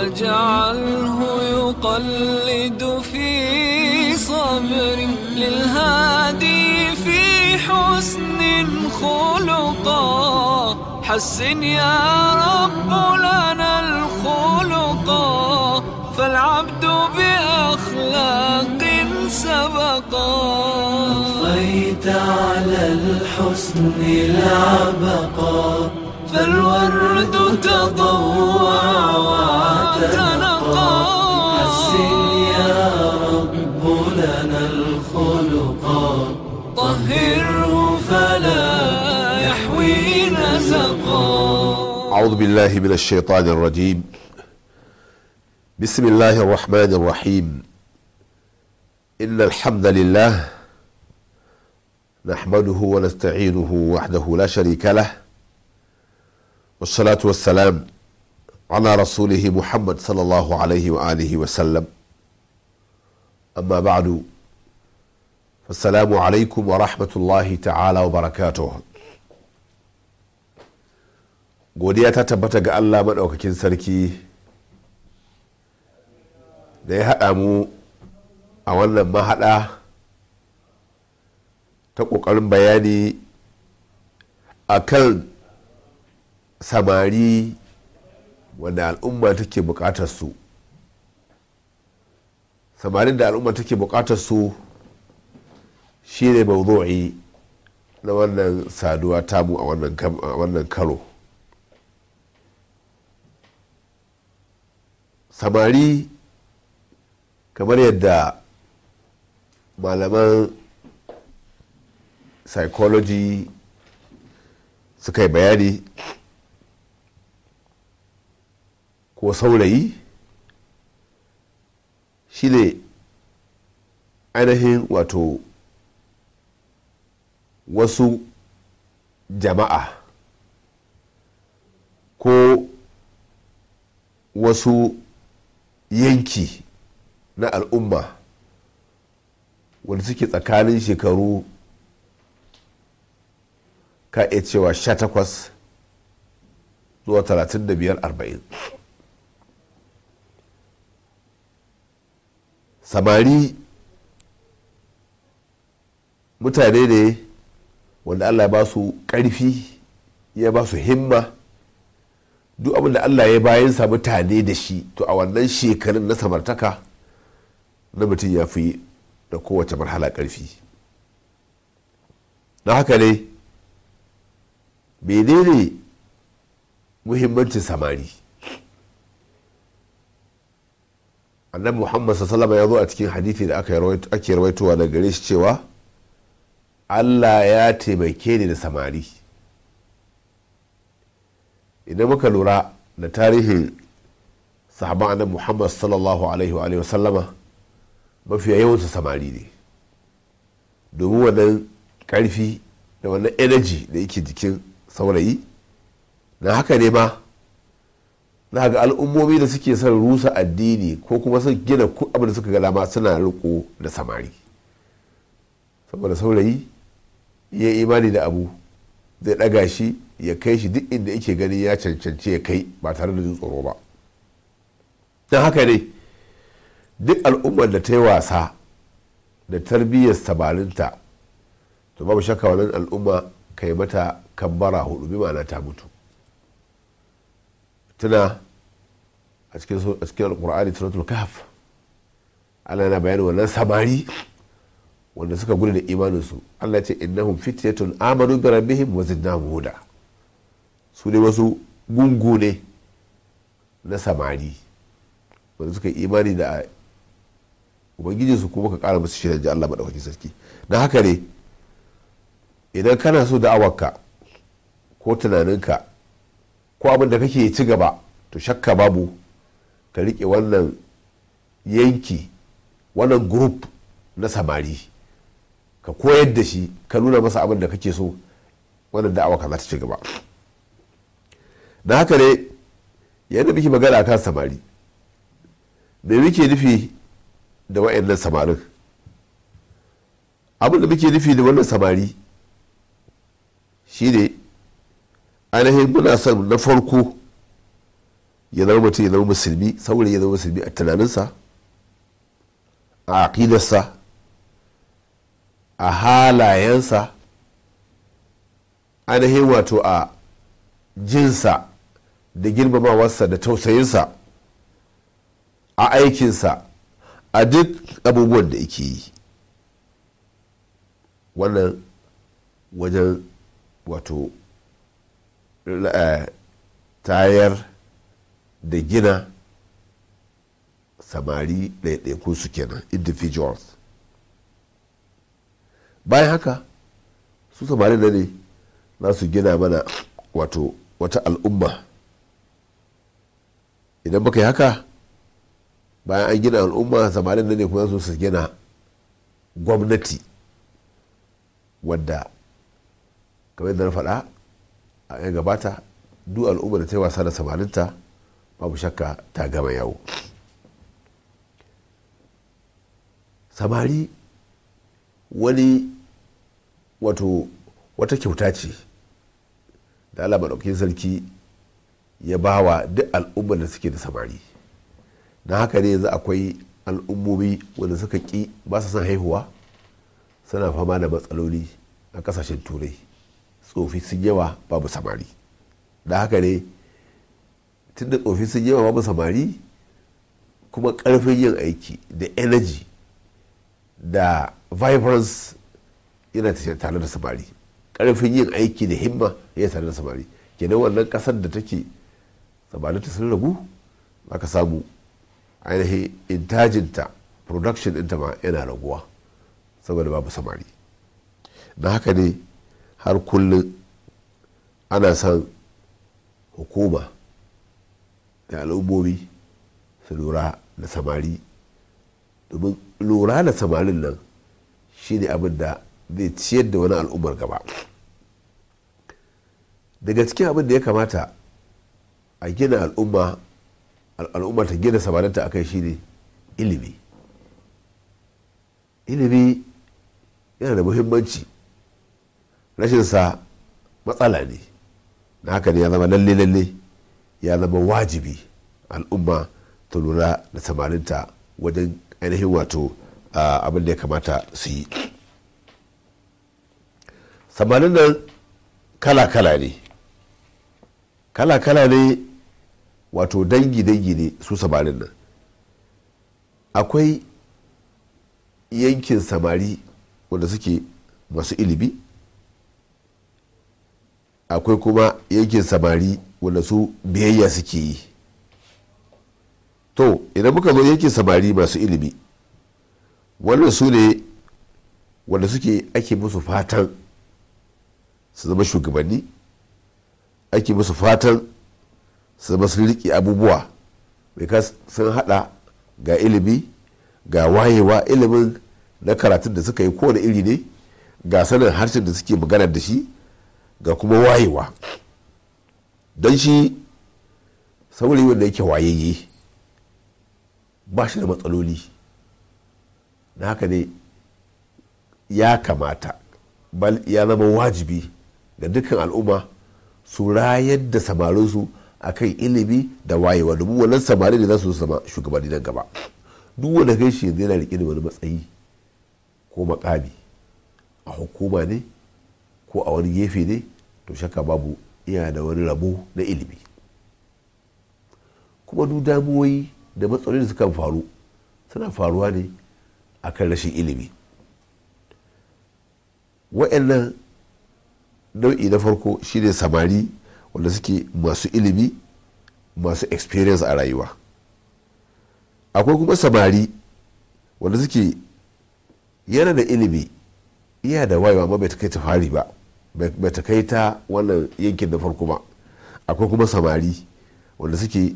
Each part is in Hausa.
واجعله يقلد في صبر للهادي في حسن خلقا حسن يا رب لنا الخلقا فالعبد بأخلاق سبقا أطفيت على الحسن العبقا فالورد تضوع تنقى حسن يا رب لنا الخلقا طهره فلا يحوي نزقا أعوذ بالله من الشيطان الرجيم بسم الله الرحمن الرحيم إن الحمد لله نحمده ونستعينه وحده لا شريك له والصلاة والسلام على رسوله محمد صلى الله عليه وآله وسلم أما بعد فالسلام عليكم ورحمة الله تعالى وبركاته godiya ta tabbata ga allah maɗaukakin sarki da ya haɗa mu a wannan mahaɗa ta ƙoƙarin bayani a kan samari wanda al'umma take bukatar su samarin da al'umma take bukatar su shine mawdu'i na wannan saduwa tamu a wannan karo samari kamar yadda malaman psychology suka yi bayani ko saurayi shi ne ainihin wato wasu jama'a ko wasu yanki na al'umma wanda suke tsakanin shekaru ka iya cewa 18 zuwa 35 40 samari mutane ne wanda allah ya ba su karfi, ya ba su himma duk abinda allah ya bayan sa mutane da shi to a wannan shekarun na samartaka na mutum ya fi da kowace marhala ƙarfi na haka ne menene muhimmancin samari annabi muhammad sallama ya zo a cikin hadithi da ake rawaitowa daga gare shi cewa allah ya taimake ni da samari idan muka lura da tarihin sahaba annabi muhammad sallallahu alaihi wa sallama mafiya yawansu samari ne domin wannan karfi da wannan energy da yake jikin saurayi na haka ne ma za ga al'ummomi da suke son rusa addini ko kuma son gina abin da suka ga dama suna riko da samari saboda saurayi ya yi imani da abu zai ɗaga shi ya kai shi duk inda yake gani ya cancanci ya kai ba tare da jin tsoro ba don haka ne duk al'ummar da ta yi wasa da tarbiyyar sabalinta to babu shakka wannan al'umma kai mata kambara hudu bi ma'ana ta mutu tuna a cikin alkur'ani suratul kahf Allah yana bayani wannan samari wanda suka gudu da imaninsu Allah ce innahum fityatun amanu bi rabbihim wa zidnahum huda su ne wasu gungu ne na samari wanda suka imani da ubangiji su kuma ka kara musu shirya ji Allah madaukakin sarki na haka ne idan kana so da awaka ko tunaninka ko abin da kake ci gaba to shakka babu ka riƙe wannan yanki wannan group na samari ka koyar da shi ka nuna masa abin da kake so wannan da'awa ka za ta ci gaba na haka ne yadda muke magana kan samari me muke nufi da wa'annan samarin abin da muke nufi da wannan samari shi ne. ainihin muna son na farko ya zama mutum ya zama musulmi saboda ya zama musulmi a tunaninsa a aƙidarsa a halayensa ainihin wato a jinsa da girmamawarsa da tausayinsa a aikinsa a duk abubuwan da yake yi wannan wajen wato Eh, tayar da gina samari ɗaiɗaikun su kenan individuals bayan haka su samari da ne za su gina mana wato wata al'umma idan baka yi haka bayan an gina al'umma samarin da ne kuma su su gina gwamnati wadda kamar da na faɗa ya gabata duk al'umma da ta yi wasa da samaninta babu shakka ta gama yawo samari wani wato wata kyauta ce da allah maɗaukin sarki ya bawa duk al'umma da suke da samari na haka ne yanzu akwai al'ummomi wanda suka ƙi ba su son haihuwa suna fama da matsaloli a ƙasashen turai tsofi sun yawa babu samari da haka ne tunda tsofi sun yawa babu samari kuma karfin yin aiki da energy da vibrance yana tare da samari karfin yin aiki da himma ya tare da samari kenan wannan kasar da take samari ta sun ragu aka samu ainihin intajinta production ɗinta ma yana raguwa saboda babu samari na haka ne har kullum ana son hukuma da al'ummomi su lura da samari domin lura da samarin nan shi ne abin da zai ciyar da wani al'ummar gaba daga cikin abin da ya kamata a gina al'umma al'ummar ta gina samarinta akai ne ilimi ilimi yana da muhimmanci rashin sa matsala ne na haka ne ya zama lalle lalle ya zama wajibi al'umma ta lura da samarinta wajen ainihin wato abin da ya kamata su yi samarin nan kala-kala ne kala-kala ne wato dangi-dangi ne su samarin nan akwai yankin samari wanda suke masu ilimi akwai kuma yankin samari wanda su biyayya suke yi to idan muka zo yankin samari masu ilimi wannan su ne wanda suke ake musu fatan su zama shugabanni ake musu fatan su zama sun riƙe abubuwa mai sun hada ga ilimi ga wayewa ilimin na karatun da suka yi kowane iri ne ga sanin harshen da suke magana da shi ga kuma wayewa don shi saurayi wanda yake wayayye ba shi da matsaloli na haka ne ya kamata ya zama wajibi ga dukkan al'umma su rayar da samarinsu a kan ilimi da wayewa domin wannan samari ne za su zama shugabanni nan gaba duk wanda kai shi yanzu yana da wani matsayi ko makami a hukuma ne ko a wani gefe ne to shakka babu yana da wani rabo na ilimi kuma duk damuwoyi da matsaloli sukan faru suna faruwa ne a kan rashin ilimi wa'annan nau'i na farko shine samari wanda suke masu ilimi masu experience a rayuwa akwai kuma samari wanda suke yana da ilimi iya da wayewa ma bai kai ta fari ba bata kai ta wannan yankin da farko ba akwai kuma samari wanda suke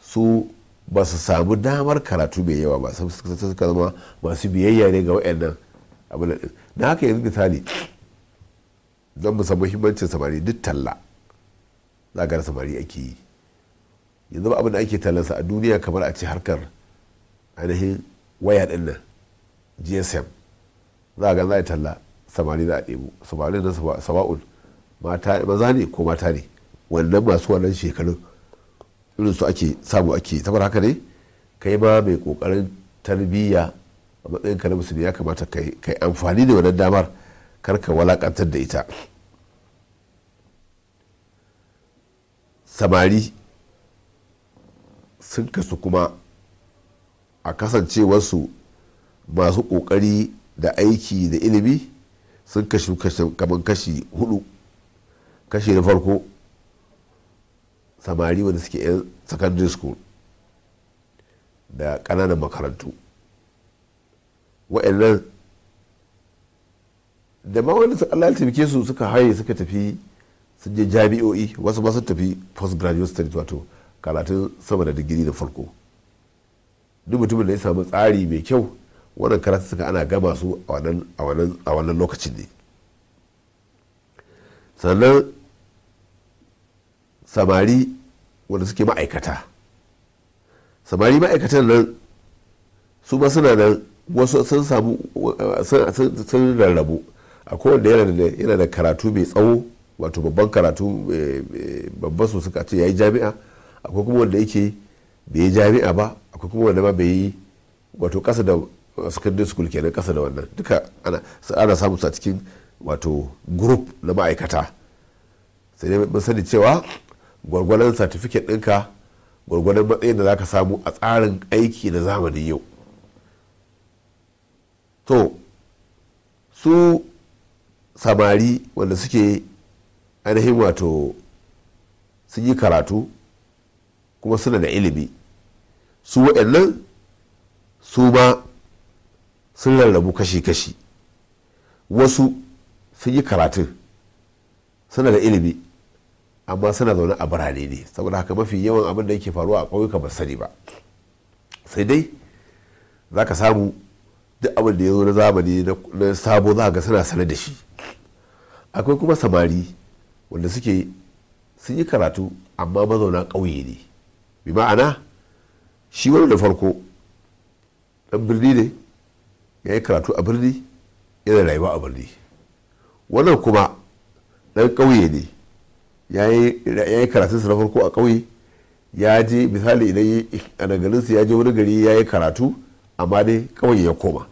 su ba su samu damar karatu mai yawa ba suka zama masu biyayya ne ga waɗannan abin da na haka yanzu misali don mu muhimmancin samari duk talla za ga samari ake yi yanzu abin da ake tallansa a duniya kamar a ce harkar ainihin waya din nan gsm za a ga za a yi talla samari a ɗebo samari na sama'ul maza ne ko mata ne wannan masu wannan shekarun irin su ake samu ake saboda haka ne kai ma mai kokarin tarbiyya a matsayin ka na musulmi ya kamata ka yi amfani da wannan damar karka ka walakantar da ita samari sun kasu kuma a kasancewarsu masu kokari da aiki da ilimi sun kashi kamar kashi hudu kashi na farko samari wanda suke 'yan secondary school da ƙananan makarantu wa'annan da ma wani Allah taimake su suka haye suka tafi sun je jami'o'i wasu ma sun tafi postgraduate studies wato karatun sama da digiri na farko duk mutumin da ya samu tsari mai kyau wannan karatu suka ana gama su a wannan lokacin ne sannan samari wanda suke ma'aikata samari ma'aikatan nan su ba suna nan wasu sun samu sun rarrabu a kowanne yana da karatu mai tsawo wato babban karatu eh, eh, babban su suka ce ya yi jami'a akwai kuma wanda yake bai yi jami'a ba akwai kuma wanda ma bai yi wato kasa da secondary school kenan kasa da wannan duka ana samu sa cikin wato group na ma'aikata sai dai mun sani cewa gwargwadon certificate ɗinka gwargwadon matsayin da za ka samu a tsarin aiki na zamani yau to su samari wanda suke ainihin wato sun yi karatu kuma suna da ilimi su waɗannan su ma sun rarrabu kashi-kashi wasu sun yi karatun suna da ilimi amma suna zaune a birane ne saboda haka mafi yawan abin da yake faruwa a ƙauyuka ba sani ba sai dai za ka samu duk abin da ya zo na zamani na sabo za ga suna sane da shi akwai kuma samari wanda suke sun yi karatu amma mazauna ƙauye ne bi ma'ana shi wani da farko ɗan birni ne ya yi karatu a birni yana rayuwa a birni wannan kuma ɗan ƙauye ne ya yi karatunsa na farko a kauye ya je misali idan a nagarinsu ya je wani gari ya yi karatu amma dai ƙauye ya koma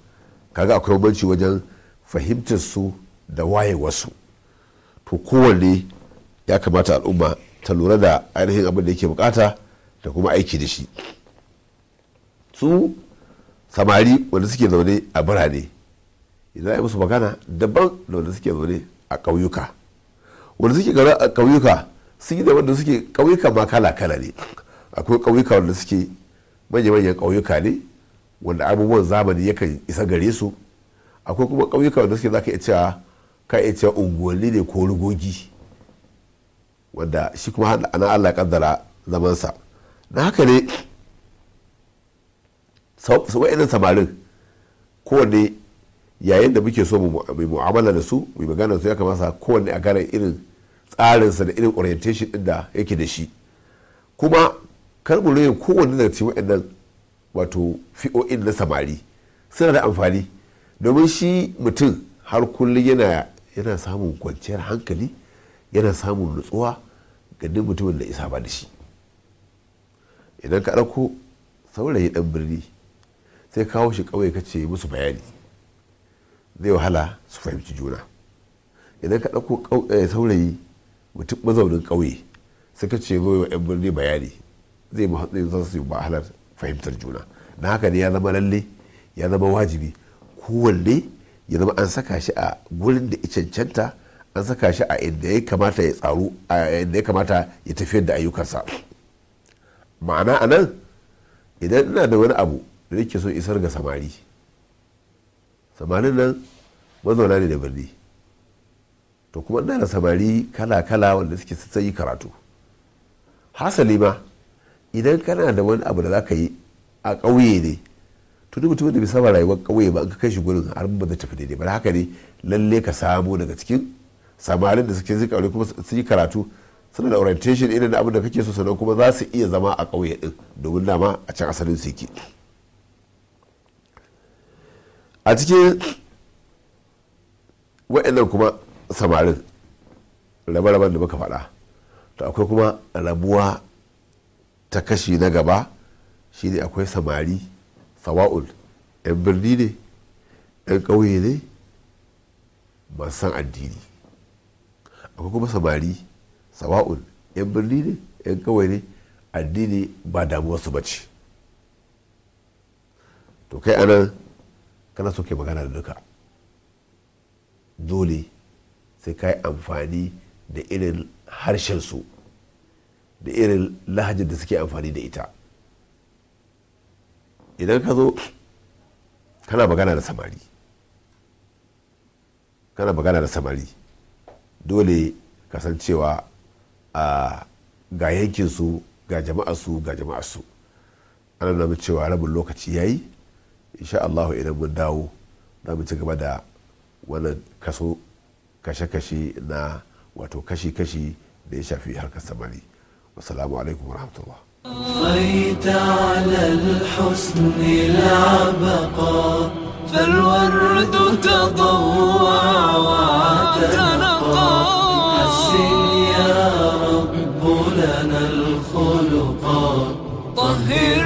kaga akwai banci wajen fahimtar su da wayewarsu to kowanne ya kamata al'umma ta lura da ainihin abin da yake bukata da kuma aiki da shi su samari wanda suke zaune a birane idan ya musu magana daban da wanda suke zaune a ƙauyuka wanda suke zaune a kauyuka sun yi da wanda suke ƙauyuka ma kala kala ne akwai ƙauyuka wanda suke manya-manyan ƙauyuka ne wanda abubuwan zamani yakan isa gare su akwai kuma ƙauyuka wanda suke za ka iya cewa ka iya cewa unguwanni ne ko rugogi wanda shi kuma ana Allah kaddara zamansa na haka ne wa'annan samarin kowanne yayin da muke so mu mu'amala da su mu magana su ya kamata kowanne a gane irin tsarinsa da irin orientation din da yake da shi kuma kar mu rage kowanne daga cikin wa'annan wato fi'o'in na samari suna da amfani domin shi mutum har kullum yana yana samun kwanciyar hankali yana samun nutsuwa ga duk mutumin da isa ba da shi idan ka ɗauko saurayi ɗan birni sai kawo shi ƙauye ka ce musu bayani zai wahala su fahimci juna idan ka ɗauko eh, saurayi mutum mazaunin ƙauye sai ka ce zai wa 'yan birni bayani zai mahatsayin za su yi wahalar fahimtar juna na haka ne ya zama lalle ya zama wajibi kowanne ya zama an saka shi a gurin da cancanta an saka shi a inda ya kamata ya tsaru a inda ya kamata ya tafiyar da ayyukansa ma'ana anan idan ina da wani abu da nake so isar ga samari samarin nan mazauna ne da birni to kuma ina da samari kala-kala wanda suke sassan yi karatu hasali ma idan kana da wani abu da za ka yi a ƙauye ne to duk mutumin da bai saba rayuwar ƙauye ba an ka kai shi gurin har ba zai tafi daidai ba haka ne lalle ka samu daga cikin samarin da suke zika kuma su yi karatu suna da orientation irin abin da kake so sannan kuma za su iya zama a ƙauye din domin dama a can asalin su yake a cikin wa'annan kuma samarin rabe-raben da muka faɗa to akwai kuma rabuwa ta kashi na gaba shi ne akwai samari sawa'ul 'yan birni ne 'yan ƙauye ne masu san addini akwai kuma samari sawa'ul 'yan birni ne 'yan ƙauye ne addini ba damuwa ba bace to kai anan kana so ke magana da duka dole sai ka yi amfani da irin harshensu da irin lahajar da suke amfani da ita idan ka zo kana magana da samari kana magana da samari dole kasancewa a ga yankinsu ga jama'arsu ga jama'a su ana nuna cewa rabin lokaci ya yi إن شاء الله إذا مون داو نامي تقبا دا ولا كسو كشا كشي نا وتو كشي كشي ليش في هالك السمالي والسلام عليكم ورحمة الله صيت على الحسن العبقى فالورد تضوع وتنقى حسن يا رب لنا الخلق طهر